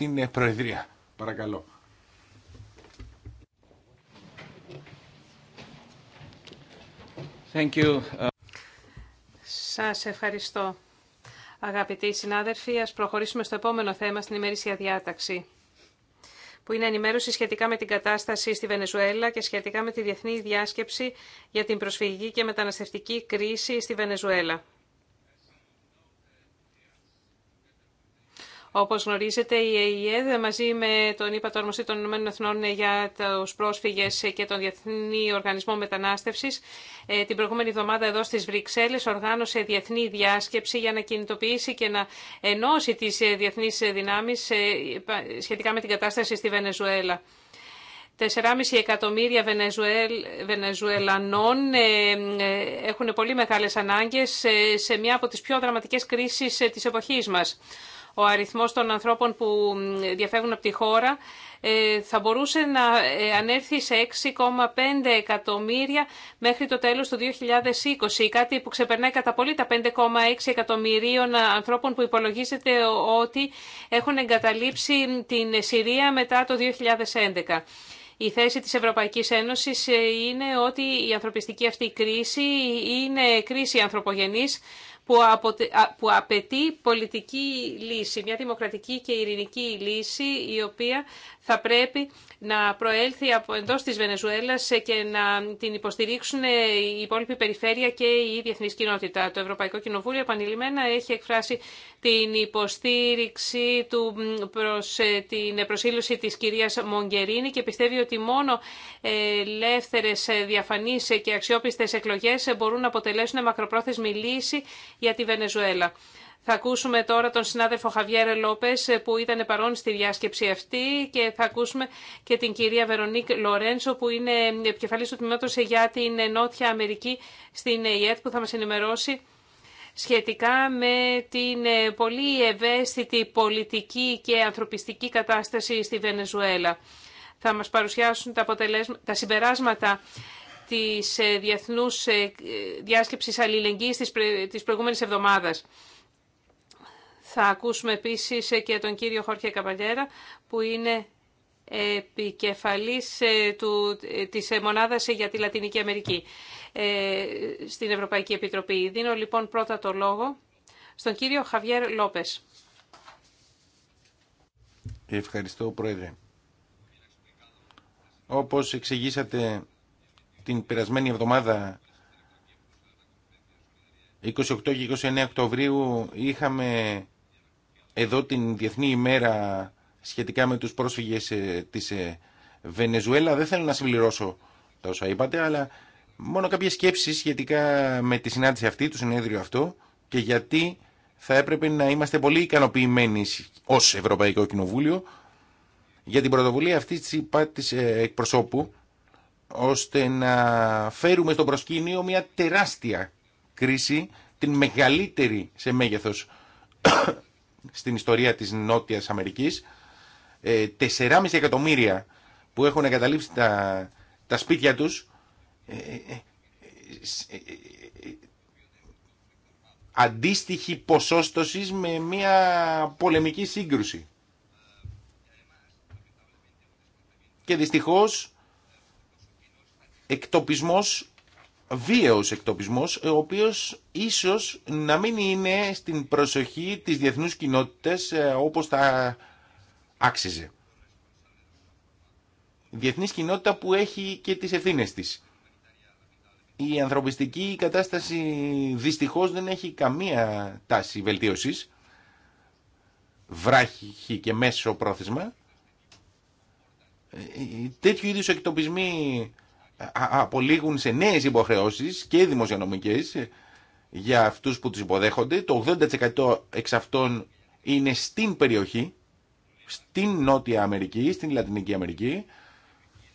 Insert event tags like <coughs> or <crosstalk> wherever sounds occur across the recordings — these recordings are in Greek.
την Προεδρία. Παρακαλώ. Thank you. Σας ευχαριστώ. Αγαπητοί συνάδελφοι, ας προχωρήσουμε στο επόμενο θέμα στην ημερήσια διάταξη, που είναι ενημέρωση σχετικά με την κατάσταση στη Βενεζουέλα και σχετικά με τη διεθνή διάσκεψη για την προσφυγική και μεταναστευτική κρίση στη Βενεζουέλα. Όπω γνωρίζετε, η ΕΕΔ μαζί με τον ΥΠΑ των Ηνωμένων Εθνών για του πρόσφυγε και τον Διεθνή Οργανισμό μετανάστευση. Ε, την προηγούμενη εβδομάδα εδώ στις Βρυξέλλες οργάνωσε διεθνή διάσκεψη για να κινητοποιήσει και να ενώσει τι ε, διεθνεί δυνάμει ε, σχετικά με την κατάσταση στη Βενεζουέλα. 4,5 εκατομμύρια Βενεζουέλ, Βενεζουελανών έχουν πολύ μεγάλες ανάγκες σε μια από τις πιο δραματικές κρίσεις της εποχής μας ο αριθμός των ανθρώπων που διαφεύγουν από τη χώρα ε, θα μπορούσε να ε, ανέρθει σε 6,5 εκατομμύρια μέχρι το τέλος του 2020, κάτι που ξεπερνάει κατά πολύ τα 5,6 εκατομμυρίων ανθρώπων που υπολογίζεται ότι έχουν εγκαταλείψει την Συρία μετά το 2011. Η θέση της Ευρωπαϊκής Ένωσης ε, είναι ότι η ανθρωπιστική αυτή κρίση είναι κρίση ανθρωπογενής που απαιτεί πολιτική λύση, μια δημοκρατική και ειρηνική λύση η οποία θα πρέπει να προέλθει από εντός της Βενεζουέλας και να την υποστηρίξουν η υπόλοιπη περιφέρεια και η διεθνή κοινότητα. Το Ευρωπαϊκό Κοινοβούλιο επανειλημμένα έχει εκφράσει την υποστήριξη του προς ε, την προσήλωση της κυρίας Μογκερίνη και πιστεύει ότι μόνο ε, ελεύθερες ε, διαφανείς και αξιόπιστες εκλογές μπορούν να αποτελέσουν μακροπρόθεσμη λύση για τη Βενεζουέλα. Θα ακούσουμε τώρα τον συνάδελφο Χαβιέρε Λόπε ε, που ήταν παρόν στη διάσκεψη αυτή και θα ακούσουμε και την κυρία Βερονίκ Λορένσο που είναι επικεφαλή του τμήματο για την Νότια Αμερική στην ΕΙΕΤ που θα μα ενημερώσει σχετικά με την ε, πολύ ευαίσθητη πολιτική και ανθρωπιστική κατάσταση στη Βενεζουέλα. Θα μας παρουσιάσουν τα, αποτελέσματα, τα συμπεράσματα της ε, Διεθνούς ε, Διάσκεψης Αλληλεγγύης της προηγούμενης εβδομάδας. Θα ακούσουμε επίσης ε, και τον κύριο Χόρχε Καπαλιέρα, που είναι επικεφαλής του, της Μονάδας για τη Λατινική Αμερική στην Ευρωπαϊκή Επιτροπή. Δίνω λοιπόν πρώτα το λόγο στον κύριο Χαβιέρ Λόπες. Ευχαριστώ, Πρόεδρε. Όπως εξηγήσατε την περασμένη εβδομάδα 28 και 29 Οκτωβρίου είχαμε εδώ την Διεθνή ημέρα σχετικά με τους πρόσφυγες ε, της ε, Βενεζουέλα. Δεν θέλω να συμπληρώσω τα όσα είπατε, αλλά μόνο κάποιες σκέψεις σχετικά με τη συνάντηση αυτή, το συνέδριο αυτό και γιατί θα έπρεπε να είμαστε πολύ ικανοποιημένοι ως Ευρωπαϊκό Κοινοβούλιο για την πρωτοβουλία αυτή της ε, εκπροσώπου ώστε να φέρουμε στο προσκήνιο μια τεράστια κρίση, την μεγαλύτερη σε μέγεθος <coughs> στην ιστορία της Νότιας Αμερικής. 4,5 ε, εκατομμύρια που έχουν εγκαταλείψει τα, τα σπίτια τους ε, ε, αντίστοιχη ποσόστοση με μια πολεμική σύγκρουση. Και δυστυχώς εκτοπισμός, βίαιος εκτοπισμός, ο οποίος ίσως να μην είναι στην προσοχή της διεθνούς κοινότητας ε, όπως τα άξιζε. Η διεθνής κοινότητα που έχει και τις ευθύνε της. Η ανθρωπιστική κατάσταση δυστυχώς δεν έχει καμία τάση βελτίωσης, βράχη και μέσο πρόθεσμα. Ε, ε, τέτοιου είδους εκτοπισμοί απολύγουν σε νέες υποχρεώσεις και δημοσιονομικές για αυτούς που τους υποδέχονται. Το 80% εξ αυτών είναι στην περιοχή, στην Νότια Αμερική, στην Λατινική Αμερική,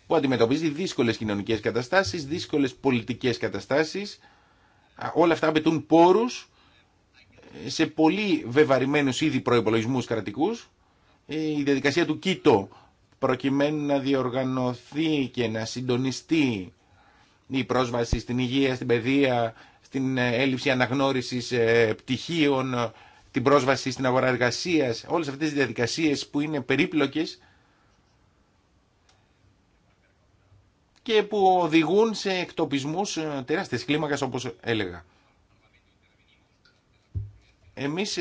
που αντιμετωπίζει δύσκολε κοινωνικέ καταστάσεις, δύσκολε πολιτικές καταστάσεις. Όλα αυτά απαιτούν πόρους σε πολύ βεβαρημένου ήδη προπολογισμού κρατικού, ε, Η διαδικασία του Κίτο προκειμένου να διοργανωθεί και να συντονιστεί η πρόσβαση στην υγεία, στην παιδεία, στην ε, έλλειψη αναγνώρισης ε, πτυχίων, την πρόσβαση στην αγορά εργασίας, όλες αυτές τις διαδικασίες που είναι περίπλοκες και που οδηγούν σε εκτοπισμούς ε, τεράστιες κλίμακας όπως έλεγα. Εμείς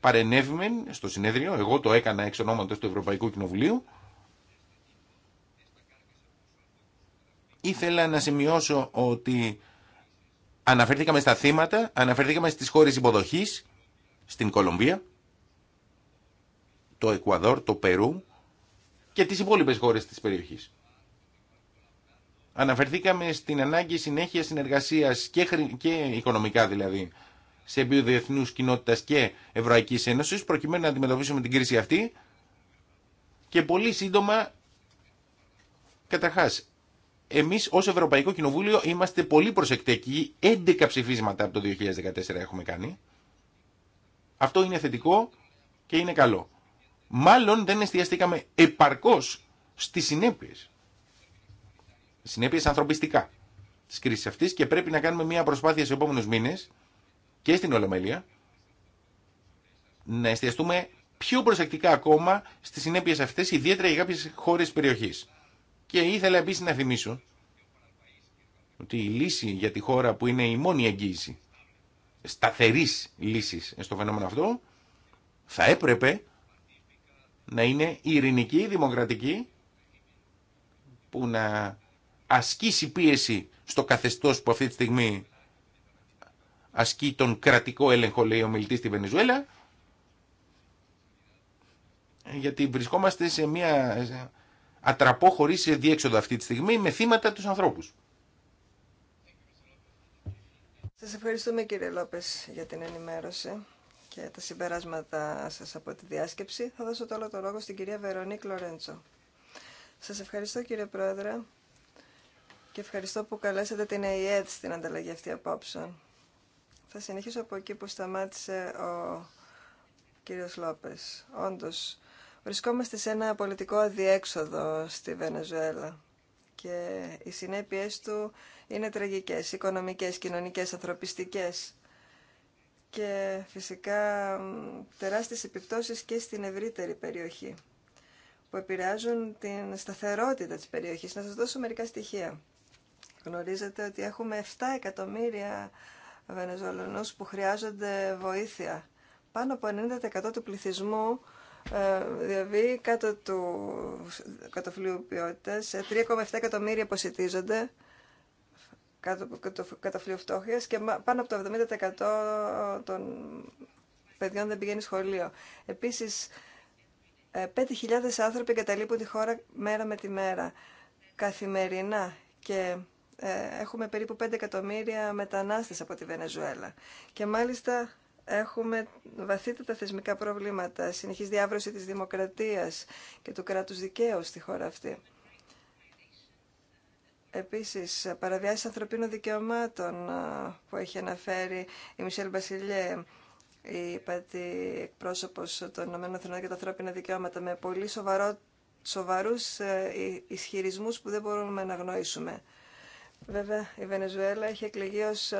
παρενεύουμε στο συνέδριο, εγώ το έκανα εξ ονόματος του Ευρωπαϊκού Κοινοβουλίου, Ήθελα να σημειώσω ότι αναφέρθηκαμε στα θύματα, αναφέρθηκαμε στις χώρες υποδοχής, στην Κολομβία, το Εκουαδόρ, το Περού και τις υπόλοιπες χώρες της περιοχής. Αναφερθήκαμε στην ανάγκη συνέχεια συνεργασίας και, οικονομικά δηλαδή σε επίπεδο διεθνού κοινότητα και Ευρωπαϊκή Ένωση, προκειμένου να αντιμετωπίσουμε την κρίση αυτή. Και πολύ σύντομα, καταρχάς εμείς ως Ευρωπαϊκό Κοινοβούλιο είμαστε πολύ προσεκτικοί. 11 ψηφίσματα από το 2014 έχουμε κάνει. Αυτό είναι θετικό και είναι καλό. Μάλλον δεν εστιαστήκαμε επαρκώς στις συνέπειες. Συνέπειες ανθρωπιστικά τη κρίση αυτή και πρέπει να κάνουμε μια προσπάθεια σε επόμενους μήνες και στην Ολομέλεια να εστιαστούμε πιο προσεκτικά ακόμα στις συνέπειες αυτές, ιδιαίτερα για κάποιες χώρες περιοχής. Και ήθελα επίση να θυμίσω ότι η λύση για τη χώρα που είναι η μόνη εγγύηση σταθερή λύση στο φαινόμενο αυτό θα έπρεπε να είναι ειρηνική, δημοκρατική που να ασκήσει πίεση στο καθεστώς που αυτή τη στιγμή ασκεί τον κρατικό έλεγχο, λέει ο μιλητής στη Βενεζουέλα, γιατί βρισκόμαστε σε μια ατραπώ χωρί διέξοδο αυτή τη στιγμή με θύματα του ανθρώπου. Σα ευχαριστούμε κύριε Λόπε, για την ενημέρωση και τα συμπεράσματα σας από τη διάσκεψη. Θα δώσω τώρα το λόγο στην κυρία Βερονίκ Λορέντσο. Σας ευχαριστώ κύριε Πρόεδρε και ευχαριστώ που καλέσατε την ΑΕΤ στην ανταλλαγή αυτή απόψε. Θα συνεχίσω από εκεί που σταμάτησε ο κύριος Λόπες. Όντως, Βρισκόμαστε σε ένα πολιτικό αδιέξοδο στη Βενεζουέλα και οι συνέπειες του είναι τραγικές, οικονομικές, κοινωνικές, ανθρωπιστικές και φυσικά τεράστιες επιπτώσεις και στην ευρύτερη περιοχή που επηρεάζουν την σταθερότητα της περιοχής. Να σας δώσω μερικά στοιχεία. Γνωρίζετε ότι έχουμε 7 εκατομμύρια Βενεζολονούς που χρειάζονται βοήθεια. Πάνω από 90% του πληθυσμού ε, διαβεί κάτω του κατοφλίου ποιότητα. 3,7 ε, εκατομμύρια ποσιτίζονται κάτω από φτώχεια και πάνω από το 70% των παιδιών δεν πηγαίνει σχολείο. Επίση, 5.000 ε, άνθρωποι εγκαταλείπουν τη χώρα μέρα με τη μέρα, καθημερινά. Και έχουμε περίπου 5 εκατομμύρια μετανάστες από τη Βενεζουέλα. Και μάλιστα έχουμε βαθύτατα θεσμικά προβλήματα, συνεχής διάβρωση της δημοκρατίας και του κράτους δικαίου στη χώρα αυτή. Επίσης, παραβιάσεις ανθρωπίνων δικαιωμάτων που έχει αναφέρει η Μισελ Μπασιλιέ, η πατή εκπρόσωπος των ΗΠΑ για τα ανθρώπινα δικαιώματα, με πολύ σοβαρό, σοβαρούς ε, ισχυρισμούς που δεν μπορούμε να γνωρίσουμε. Βέβαια, η Βενεζουέλα έχει εκλεγεί ως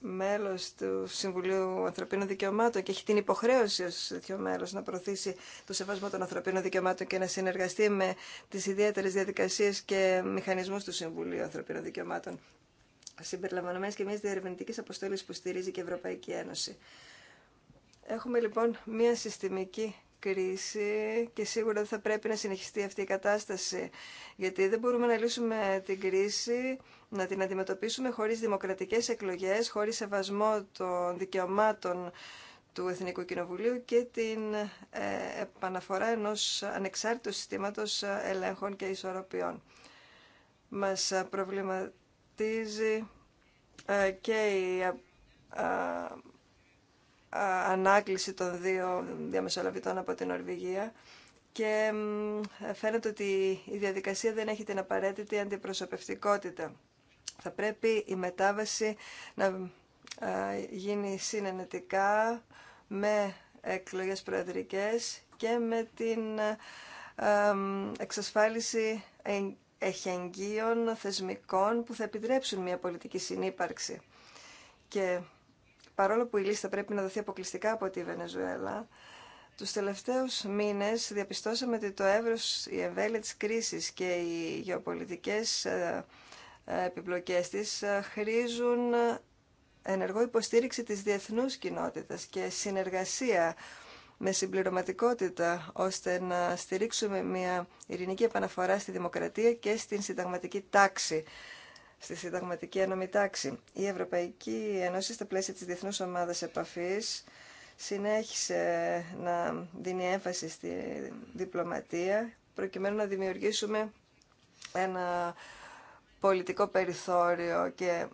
μέλος του Συμβουλίου Ανθρωπίνων Δικαιωμάτων και έχει την υποχρέωση ως τέτοιο μέλος να προωθήσει το σεβασμό των ανθρωπίνων δικαιωμάτων και να συνεργαστεί με τις ιδιαίτερες διαδικασίες και μηχανισμούς του Συμβουλίου Ανθρωπίνων Δικαιωμάτων συμπεριλαμβανομένες και μιας διερευνητικής αποστολής που στηρίζει και η Ευρωπαϊκή Ένωση. Έχουμε λοιπόν μια συστημική κρίση και σίγουρα δεν θα πρέπει να συνεχιστεί αυτή η κατάσταση. Γιατί δεν μπορούμε να λύσουμε την κρίση, να την αντιμετωπίσουμε χωρίς δημοκρατικές εκλογές, χωρίς σεβασμό των δικαιωμάτων του Εθνικού Κοινοβουλίου και την ε, επαναφορά ενός ανεξάρτητου συστήματος ελέγχων και ισορροπιών. Μας προβληματίζει ε, και η ε, ανάκληση των δύο διαμεσολαβητών από την Ορβηγία και φαίνεται ότι η διαδικασία δεν έχει την απαραίτητη αντιπροσωπευτικότητα. Θα πρέπει η μετάβαση να γίνει συνενετικά με εκλογές προεδρικές και με την εξασφάλιση εχεγγύων θεσμικών που θα επιτρέψουν μια πολιτική συνύπαρξη. Και παρόλο που η λίστα πρέπει να δοθεί αποκλειστικά από τη Βενεζουέλα, τους τελευταίους μήνες διαπιστώσαμε ότι το εύρος, η εμβέλεια της κρίσης και οι γεωπολιτικές ε, ε, επιπλοκές της ε, χρήζουν ενεργό υποστήριξη της διεθνούς κοινότητας και συνεργασία με συμπληρωματικότητα ώστε να στηρίξουμε μια ειρηνική επαναφορά στη δημοκρατία και στην συνταγματική τάξη στη συνταγματική ένωμη τάξη. Η Ευρωπαϊκή Ένωση στα πλαίσια της Διεθνούς Ομάδας Επαφής συνέχισε να δίνει έμφαση στη διπλωματία προκειμένου να δημιουργήσουμε ένα πολιτικό περιθώριο και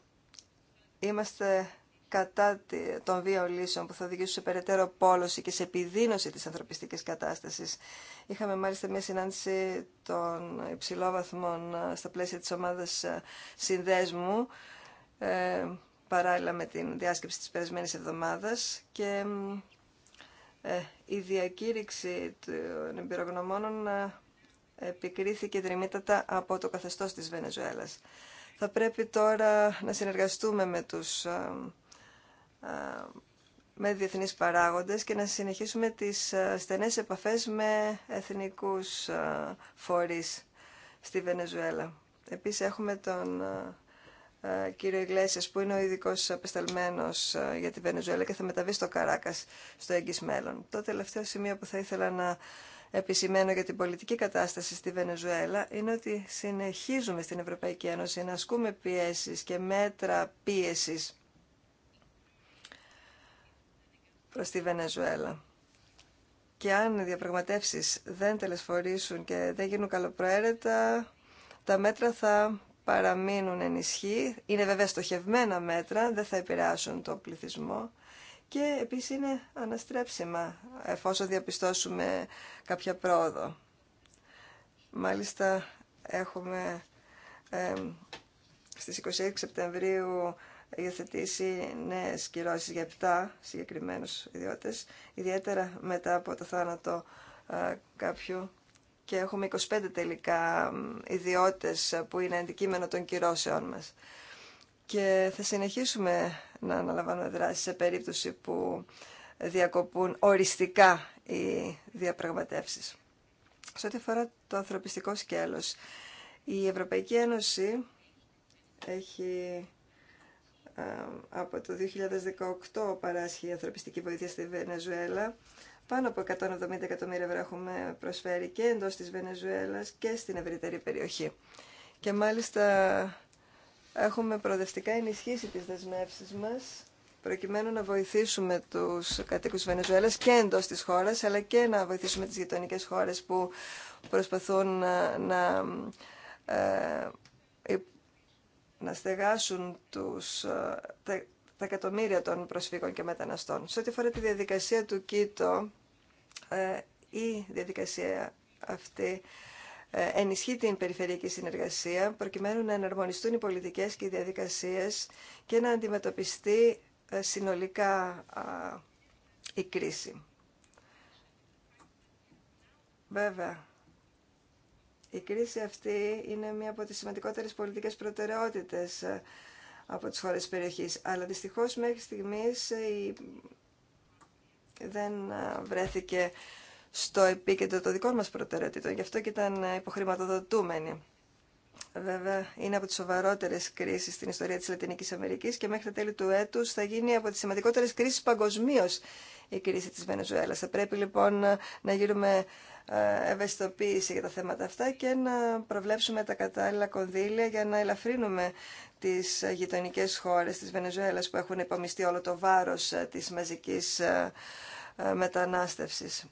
είμαστε κατά των δύο λύσεων που θα οδηγήσουν σε περαιτέρω πόλωση και σε επιδείνωση της ανθρωπιστικής κατάστασης. Είχαμε μάλιστα μια συνάντηση των υψηλόβαθμων ε, στα πλαίσια της ομάδας ε, συνδέσμου ε, παράλληλα με την διάσκεψη της περασμένης εβδομάδας και η διακήρυξη των εμπειρογνωμόνων επικρίθηκε δρυμύτατα από το καθεστώς της Βενεζουέλας. Θα πρέπει τώρα να συνεργαστούμε με τους ε, με διεθνείς παράγοντες και να συνεχίσουμε τις ε, στενές επαφές με εθνικούς ε, φορείς στη Βενεζουέλα. Επίσης έχουμε τον κύριο Ιγλέσιας που είναι ο ειδικό απεσταλμένος για τη Βενεζουέλα και θα μεταβεί στο Καράκας στο έγκυς μέλλον. Το τελευταίο σημείο που θα ήθελα να επισημαίνω για την πολιτική κατάσταση στη Βενεζουέλα είναι ότι συνεχίζουμε στην Ευρωπαϊκή Ένωση να ασκούμε πιέσεις και μέτρα πίεσης προς τη Βενεζουέλα. Και αν οι διαπραγματεύσεις δεν τελεσφορήσουν και δεν γίνουν καλοπροαίρετα, τα μέτρα θα παραμείνουν ενισχύ. Είναι βέβαια στοχευμένα μέτρα, δεν θα επηρεάσουν τον πληθυσμό και επίσης είναι αναστρέψιμα εφόσον διαπιστώσουμε κάποια πρόοδο. Μάλιστα έχουμε ε, στις 26 Σεπτεμβρίου υιοθετήσει νέε κυρώσει για 7 συγκεκριμένου ιδιώτε, ιδιαίτερα μετά από το θάνατο κάποιου. Και έχουμε 25 τελικά ιδιώτες που είναι αντικείμενο των κυρώσεών μας. Και θα συνεχίσουμε να αναλαμβάνουμε δράση σε περίπτωση που διακοπούν οριστικά οι διαπραγματεύσεις. Σε ό,τι αφορά το ανθρωπιστικό σκέλος, η Ευρωπαϊκή Ένωση έχει ε, από το 2018 παράσχει η ανθρωπιστική βοήθεια στη Βενεζουέλα. Πάνω από 170 εκατομμύρια ευρώ έχουμε προσφέρει και εντός της Βενεζουέλας και στην ευρύτερη περιοχή. Και μάλιστα έχουμε προοδευτικά ενισχύσει τις δεσμεύσεις μας προκειμένου να βοηθήσουμε τους κατοίκους της Βενεζουέλας και εντός της χώρας αλλά και να βοηθήσουμε τις γειτονικές χώρες που προσπαθούν να, ε, να στεγάσουν τους, ε, τα, τα εκατομμύρια των προσφύγων και μεταναστών. Σε ό,τι αφορά τη διαδικασία του ΚΙΤΟ, ε, η διαδικασία αυτή ε, ενισχύει την περιφερειακή συνεργασία προκειμένου να εναρμονιστούν οι πολιτικές και οι διαδικασίες και να αντιμετωπιστεί ε, συνολικά η κρίση. Βέβαια, η κρίση αυτή είναι μία από τις σημαντικότερες πολιτικές προτεραιότητες ε, από τις χώρες της περιοχής. Αλλά δυστυχώς μέχρι στιγμής ε, δεν ε, βρέθηκε στο επίκεντρο των δικών μας προτεραιότητων. Γι' αυτό και ήταν υποχρηματοδοτούμενη βέβαια είναι από τις σοβαρότερες κρίσεις στην ιστορία της Λατινικής Αμερικής και μέχρι τα τέλη του έτους θα γίνει από τις σημαντικότερες κρίσεις παγκοσμίω η κρίση της Βενεζουέλας. Θα πρέπει λοιπόν να γίνουμε ε, ευαισθητοποίηση για τα θέματα αυτά και να προβλέψουμε τα κατάλληλα κονδύλια για να ελαφρύνουμε τις γειτονικέ χώρες της Βενεζουέλας που έχουν υπομειστεί όλο το βάρος ε, της μαζικής ε, μετανάστευσης.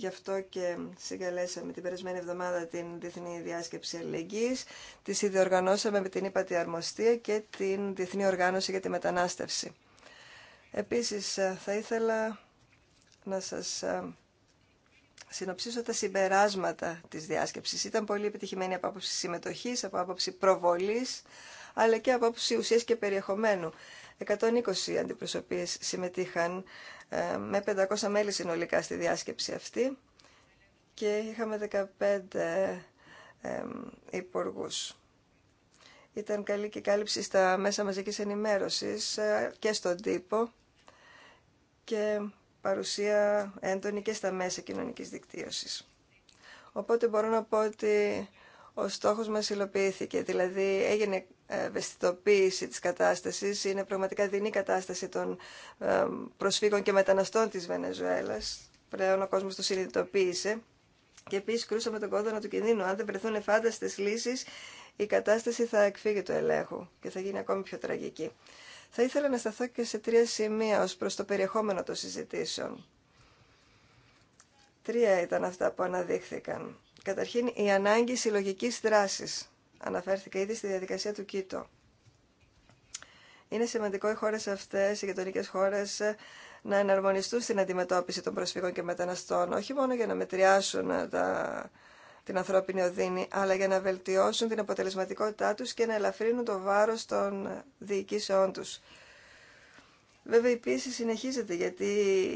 Γι' αυτό και συγκαλέσαμε την περασμένη εβδομάδα την Διεθνή Διάσκεψη Αλληλεγγύης, τη ιδιοργανώσαμε με την Ήπατη Αρμοστία και την Διεθνή Οργάνωση για τη Μετανάστευση. Επίσης, ε, θα ήθελα να σας ε, συνοψίσω τα συμπεράσματα της διάσκεψης. Ήταν πολύ επιτυχημένη από άποψη συμμετοχής, από άποψη προβολής, αλλά και από άποψη ουσίας και περιεχομένου. 120 αντιπροσωπείες συμμετείχαν ε, με 500 μέλη συνολικά στη διάσκεψη αυτή και είχαμε 15 ε, υπουργούς. Ήταν καλή και κάλυψη στα μέσα μαζικής ενημέρωσης ε, και στον τύπο και παρουσία έντονη και στα μέσα κοινωνικής δικτύωσης. Οπότε μπορώ να πω ότι ο στόχος μας υλοποιήθηκε, δηλαδή έγινε ευαισθητοποίηση της κατάστασης. Είναι πραγματικά δεινή κατάσταση των προσφύγων και μεταναστών της Βενεζουέλας. Πλέον ο κόσμος το συνειδητοποίησε. Και επίσης κρούσαμε τον κόδωνα του κινδύνου. Αν δεν βρεθούν εφάνταστες λύσεις, η κατάσταση θα εκφύγει το ελέγχου και θα γίνει ακόμη πιο τραγική. Θα ήθελα να σταθώ και σε τρία σημεία ως προς το περιεχόμενο των συζητήσεων. Τρία ήταν αυτά που αναδείχθηκαν. Καταρχήν, η ανάγκη συλλογική δράσης Αναφέρθηκα ήδη στη διαδικασία του Κίτο. Είναι σημαντικό οι χώρες αυτές, οι γειτονικές χώρες, να εναρμονιστούν στην αντιμετώπιση των προσφύγων και μεταναστών, όχι μόνο για να μετριάσουν τα, την ανθρώπινη οδύνη, αλλά για να βελτιώσουν την αποτελεσματικότητά τους και να ελαφρύνουν το βάρος των διοικήσεών τους. Βέβαια η πίεση συνεχίζεται γιατί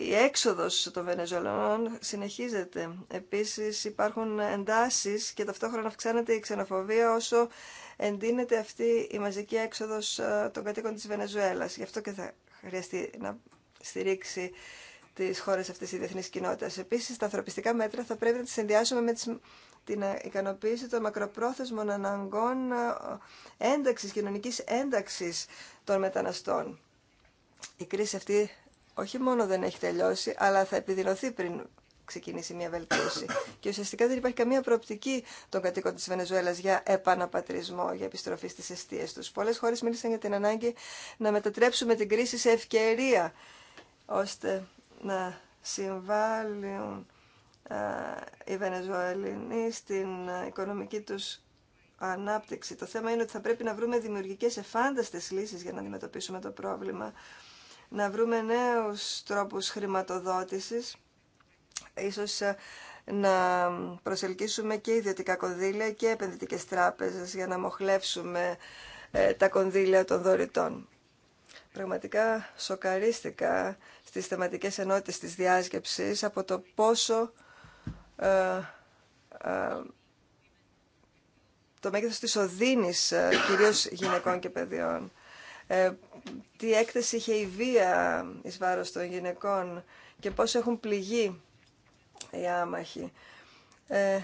η έξοδος των Βενεζολών συνεχίζεται. Επίσης υπάρχουν εντάσεις και ταυτόχρονα αυξάνεται η ξενοφοβία όσο εντείνεται αυτή η μαζική έξοδος ε, των κατοίκων της Βενεζουέλας. Γι' αυτό και θα χρειαστεί να στηρίξει τις χώρες αυτής της διεθνής κοινότητα. Επίσης τα ανθρωπιστικά μέτρα θα πρέπει να τις συνδυάσουμε με τις την ικανοποίηση των μακροπρόθεσμων αναγκών ε, ένταξης, κοινωνικής ένταξης των μεταναστών η κρίση αυτή όχι μόνο δεν έχει τελειώσει, αλλά θα επιδεινωθεί πριν ξεκινήσει μια βελτίωση. Και ουσιαστικά δεν υπάρχει καμία προοπτική των κατοίκων τη Βενεζουέλα για επαναπατρισμό, για επιστροφή στι αιστείε του. Πολλέ χώρε μίλησαν για την ανάγκη να μετατρέψουμε την κρίση σε ευκαιρία, ώστε να συμβάλλουν οι Βενεζουελινοί στην οικονομική του ανάπτυξη. Το θέμα είναι ότι θα πρέπει να βρούμε δημιουργικές εφάνταστε λύσει για να αντιμετωπίσουμε το πρόβλημα να βρούμε νέους τρόπους χρηματοδότησης, ίσως ε, να προσελκύσουμε και ιδιωτικά κονδύλια και επενδυτικές τράπεζες για να μοχλεύσουμε ε, τα κονδύλια των δωρητών. Πραγματικά σοκαρίστηκα στις θεματικές ενότητες της διάσκεψης από το πόσο ε, το μέγεθος της οδύνης κυρίως γυναικών και παιδιών. Ε, τι έκθεση είχε η βία εις βάρος των γυναικών και πώς έχουν πληγεί οι άμαχοι. Ε,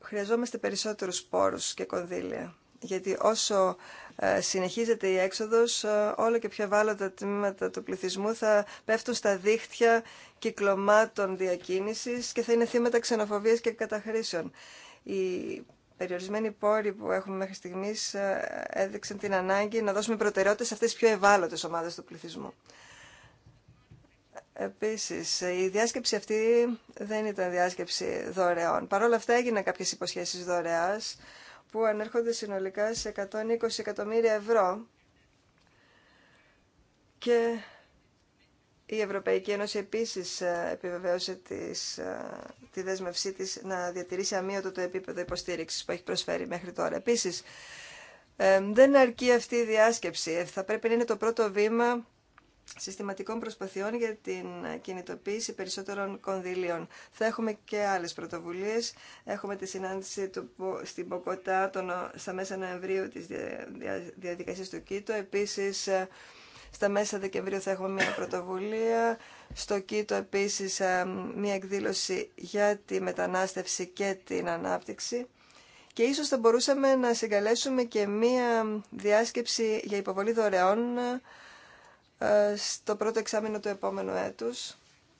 χρειαζόμαστε περισσότερους πόρους και κονδύλια, γιατί όσο ε, συνεχίζεται η έξοδος, ε, όλο και πιο βάλλοντα τμήματα του πληθυσμού θα πέφτουν στα δίχτυα κυκλωμάτων διακίνησης και θα είναι θύματα ξενοφοβίας και καταχρήσεων. Η περιορισμένοι πόροι που έχουμε μέχρι στιγμή ε, έδειξαν την ανάγκη να δώσουμε προτεραιότητα σε αυτέ τι πιο ευάλωτε ομάδε του πληθυσμού. Επίση, η διάσκεψη αυτή δεν ήταν διάσκεψη δωρεών. Παρ' όλα αυτά έγιναν κάποιε υποσχέσει δωρεά που ανέρχονται συνολικά σε 120 εκατομμύρια ευρώ και η Ευρωπαϊκή Ένωση επίσης ε, επιβεβαίωσε τις, ε, τη δέσμευσή της να διατηρήσει αμύωτο το επίπεδο υποστήριξης που έχει προσφέρει μέχρι τώρα. Επίσης, ε, δεν αρκεί αυτή η διάσκεψη. Θα πρέπει να είναι το πρώτο βήμα συστηματικών προσπαθειών για την κινητοποίηση περισσότερων κονδυλίων. Θα έχουμε και άλλες πρωτοβουλίες. Έχουμε τη συνάντηση του, στην Ποκοτά τον, στα μέσα Νοεμβρίου της διαδικασίας του Κίτο. Επίσης, στα μέσα Δεκεμβρίου θα έχουμε μια πρωτοβουλία. Στο Κίτο επίσης ε, μια εκδήλωση για τη μετανάστευση και την ανάπτυξη. Και ίσως θα μπορούσαμε να συγκαλέσουμε και μία διάσκεψη για υποβολή δωρεών ε, στο πρώτο εξάμεινο του επόμενου έτους.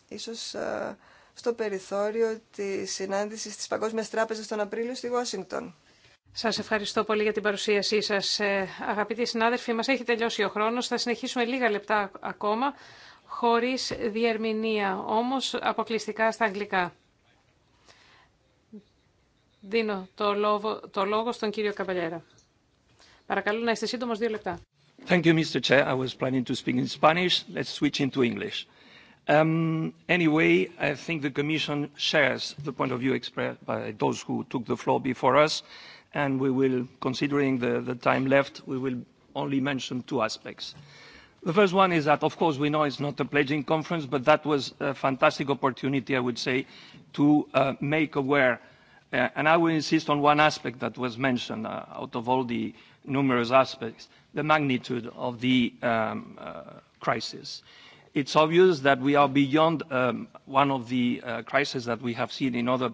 Ίσως ε, στο περιθώριο της συνάντησης της Παγκόσμιας Τράπεζας τον Απρίλιο στη Βόσιγκτον. Σας ευχαριστώ πολύ για την παρουσίασή σας. Ε, αγαπητοί συνάδελφοι, μας έχει τελειώσει ο χρόνος. Θα συνεχίσουμε λίγα λεπτά ακόμα, χωρίς διερμηνία, όμως αποκλειστικά στα αγγλικά. Δίνω το λόγο, το λόγο στον κύριο Καβαλιέρα. Παρακαλώ να είστε σύντομος δύο λεπτά. Thank you, Mr. Chair. I was planning to speak in Spanish. Let's switch into English. Um, anyway, I think the Commission shares the point of view expressed by those who took the floor before us and we will, considering the time left, we will only mention two aspects. The first one is that, of course, we know it's not a pledging conference, but that was a fantastic opportunity, I would say, to make aware. And I will insist on one aspect that was mentioned out of all the numerous aspects, the magnitude of the crisis. It's obvious that we are beyond one of the crises that we have seen in other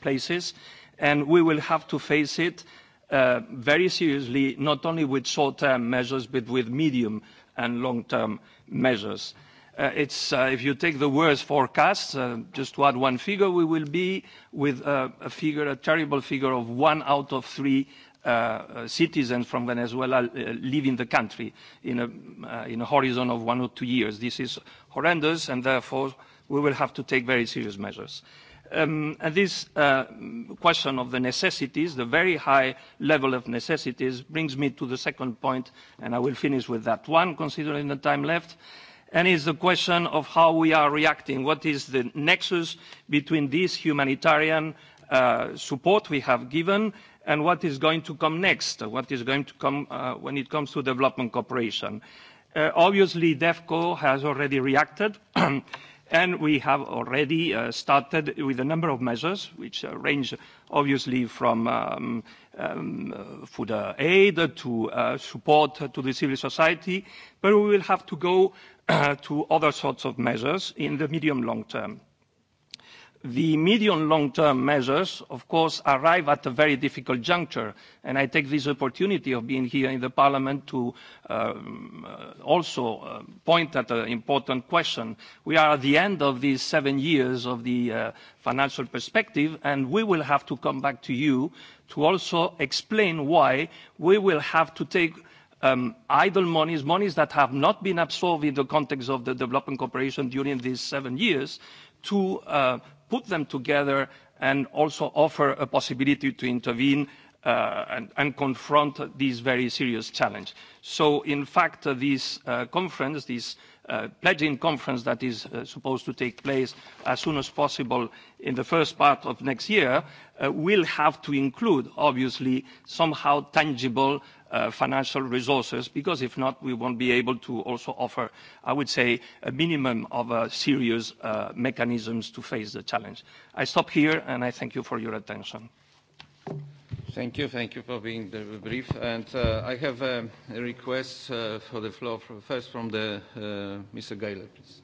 places, and we will have to face it very seriously, not only with short-term measures, but with medium and long-term measures. It's if you take the worst forecasts, just to add one figure, we will be with a figure, a terrible figure of one out of three citizens from Venezuela leaving the country in a horizon of one or two years. This is horrendous, and therefore we will have to take very serious measures. And this question of the necessities, the very high level of necessities, brings me to the second point, and I will finish with that one, considering the time left, and is the question of how we are reacting. What is the nexus between this humanitarian support we have given and what is going to come next, what is going to come when it comes to development cooperation. Obviously, DEFCO has already reacted. And we have already started with a number of measures, which range obviously from food aid to support to the civil society, but we will have to go to other sorts of measures in the medium long term. The medium long-term measures, of course, arrive at a very difficult juncture, and I take this opportunity of being here in the Parliament to also point at an important question. We are at the end of these seven years of the financial perspective, and we will have to come back to you to also explain why we will have to take idle monies, monies that have not been absorbed in the context of the development cooperation during these seven years, to put them together and also offer a possibility to intervene and confront this very serious challenge. So in fact, this conference, this pledging conference that is supposed to take place as soon as possible in the first part of next year will have to include, obviously, somehow tangible financial resources, because if not, we won't be able to also offer, I would say, a minimum of serious mechanisms to face the challenge. I stop here, and I thank you for your attention. Thank you. Thank you for being brief. And I have a request for the floor first from the Mr. Geiler, please.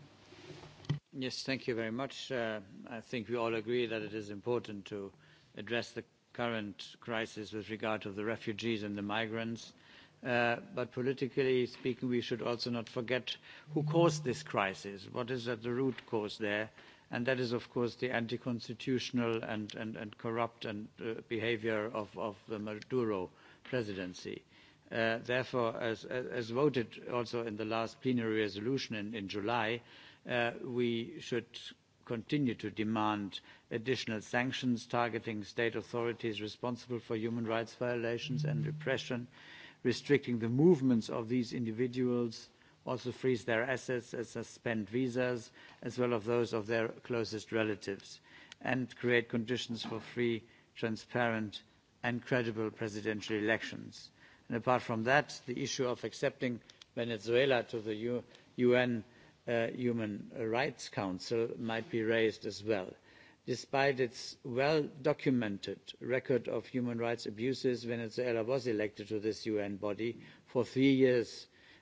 Yes, thank you very much. I think we all agree that it is important to address the current crisis with regard to the refugees and the migrants. But politically speaking, we should also not forget who caused this crisis. What is at the root cause there? and that is, of course, the anti-constitutional and corrupt behavior of the Maduro presidency. Therefore, as voted also in the last plenary resolution in July, we should continue to demand additional sanctions targeting state authorities responsible for human rights violations and repression, restricting the movements of these individuals also freeze their assets and suspend visas, as well as those of their closest relatives, and create conditions for free, transparent, and credible presidential elections. And apart from that, the issue of accepting Venezuela to the UN Human Rights Council might be raised as well. Despite its well-documented record of human rights abuses, Venezuela was elected to this UN body for three years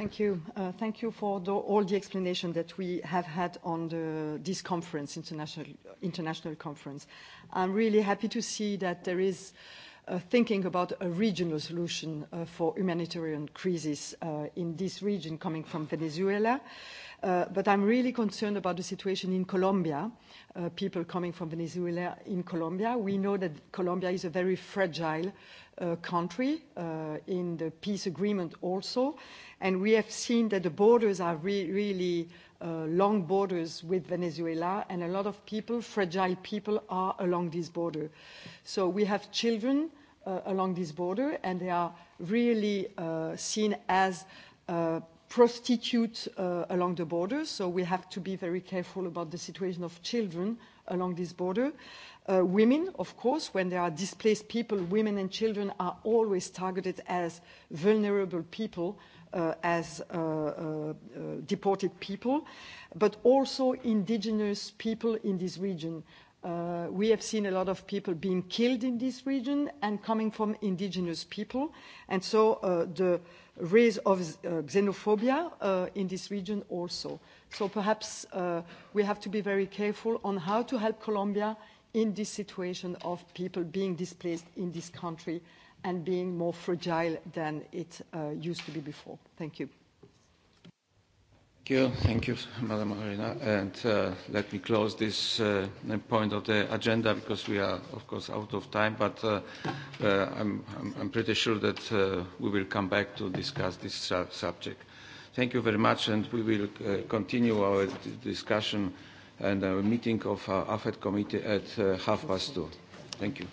Thank you. Thank you for all the explanation that we have had on this conference, international conference. I'm really happy to see that there is thinking about a regional solution for humanitarian crisis in this region coming from Venezuela. But I'm really concerned about the situation in Colombia, people coming from Venezuela in Colombia. We know that Colombia is a very fragile country in the peace agreement also. And we have seen that the borders are really long borders with Venezuela, and a lot of people, fragile people, are along this border. So we have children along this border, and they are really seen as prostitutes along the border. So we have to be very careful about the situation of children along this border. Women, of course, when there are displaced people, women and children are always targeted as vulnerable people, as deported people, but also indigenous people in this region. We have seen a lot of people being killed in this region and coming from indigenous people, and so the rise of xenophobia in this region also. So perhaps we have to be very careful on how to help Colombia in this situation of people being displaced in this country and being more fragile than it used to be before. Thank you. Thank you. Thank you, Madam Marina. And let me close this point of the agenda because we are, of course, out of time, but I'm, I'm pretty sure that we will come back to discuss this subject. Thank you very much, and we will continue our discussion and a meeting of our AFET committee at half past two. Thank you.